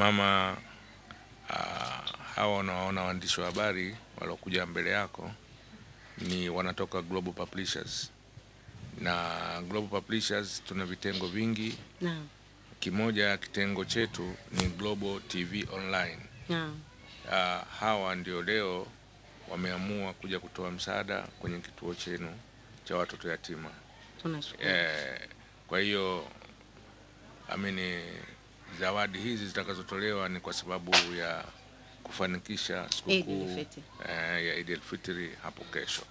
mama uh, hawa wanaona waandishi wa habari waliokuja mbele yako ni wanatoka Global Publishers na Global Publishers tuna vitengo vingi na. Kimoja kitengo chetu ni Global TV Online na. Uh, ah, hawa ndio leo wameamua kuja kutoa msaada kwenye kituo chenu cha watoto yatima. Tunashukuru. Eh, kwa hiyo amini zawadi hizi zitakazotolewa ni kwa sababu ya kufanikisha sikukuu eh, ya Idi el Fitri hapo kesho.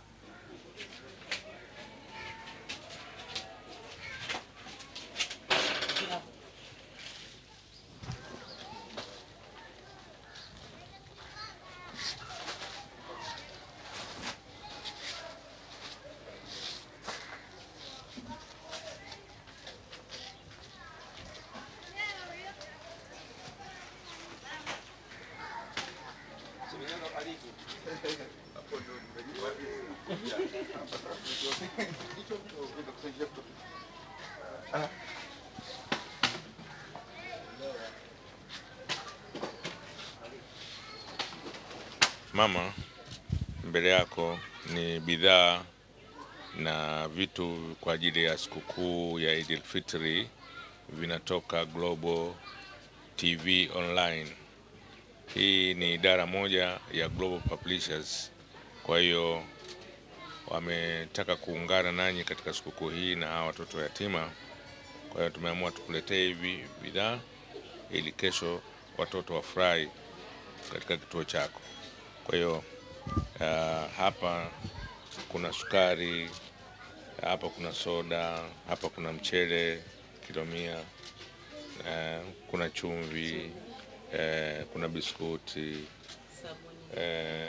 Mama, mbele yako ni bidhaa na vitu kwa ajili ya sikukuu ya al-Fitr vinatoka Global TV Online. Hii ni idara moja ya Global Publishers, kwa hiyo wametaka kuungana nanyi katika sikukuu hii na hawa watoto yatima. Kwa hiyo tumeamua tukuletee hivi bidhaa ili kesho watoto wafurahi katika kituo chako. Kwa hiyo uh, hapa kuna sukari, hapa kuna soda, hapa kuna mchele kilo mia, uh, kuna chumvi eh, kuna biskuti eh,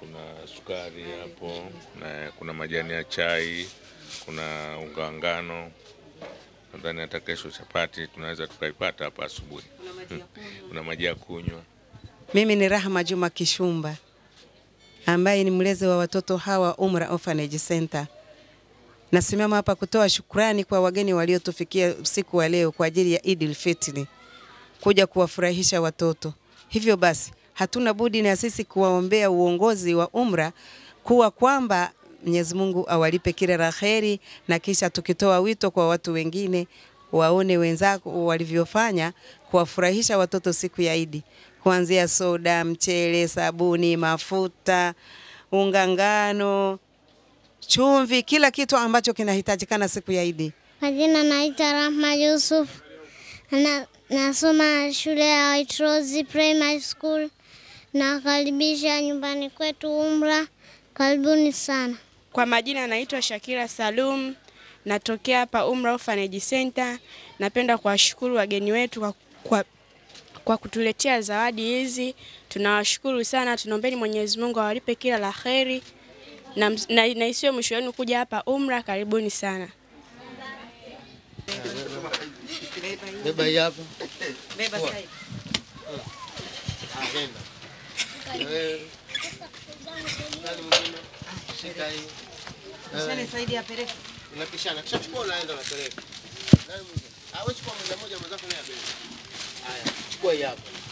kuna sukari hapo eh, kuna majani ya chai, kuna unga wa ngano nadhani hata kesho chapati tunaweza tukaipata hapa asubuhi. Kuna maji ya kunywa. Mimi ni Rahma Juma Kishumba ambaye ni mlezi wa watoto hawa Umra Orphanage Center. Nasimama hapa kutoa shukurani kwa wageni waliotufikia usiku wa leo kwa ajili ya al-Fitr kuja kuwafurahisha watoto. Hivyo basi hatuna budi na sisi kuwaombea uongozi wa Umra kuwa kwamba Mwenyezi Mungu awalipe kila la kheri, na kisha tukitoa wito kwa watu wengine waone wenzako walivyofanya kuwafurahisha watoto siku ya Idi, kuanzia soda, mchele, sabuni, mafuta, unga ngano, chumvi, kila kitu ambacho kinahitajikana siku ya Idi. Majina naitwa Rahma Yusuf na Nasoma shule ya White Rose Primary School. Nawakaribisha nyumbani kwetu Umra, karibuni sana. Kwa majina naitwa Shakira Salum, natokea hapa Umra Orphanage Center. Napenda kuwashukuru wageni wetu kwa, kwa, kwa kutuletea zawadi hizi, tunawashukuru sana. Tunaombeni Mwenyezi Mungu awalipe kila la heri na, na, na isiwe mwisho wenu kuja hapa Umra. Karibuni sana. Beba hapa. Beba sasa hivi. nenda. Haya, chukua hii hapa.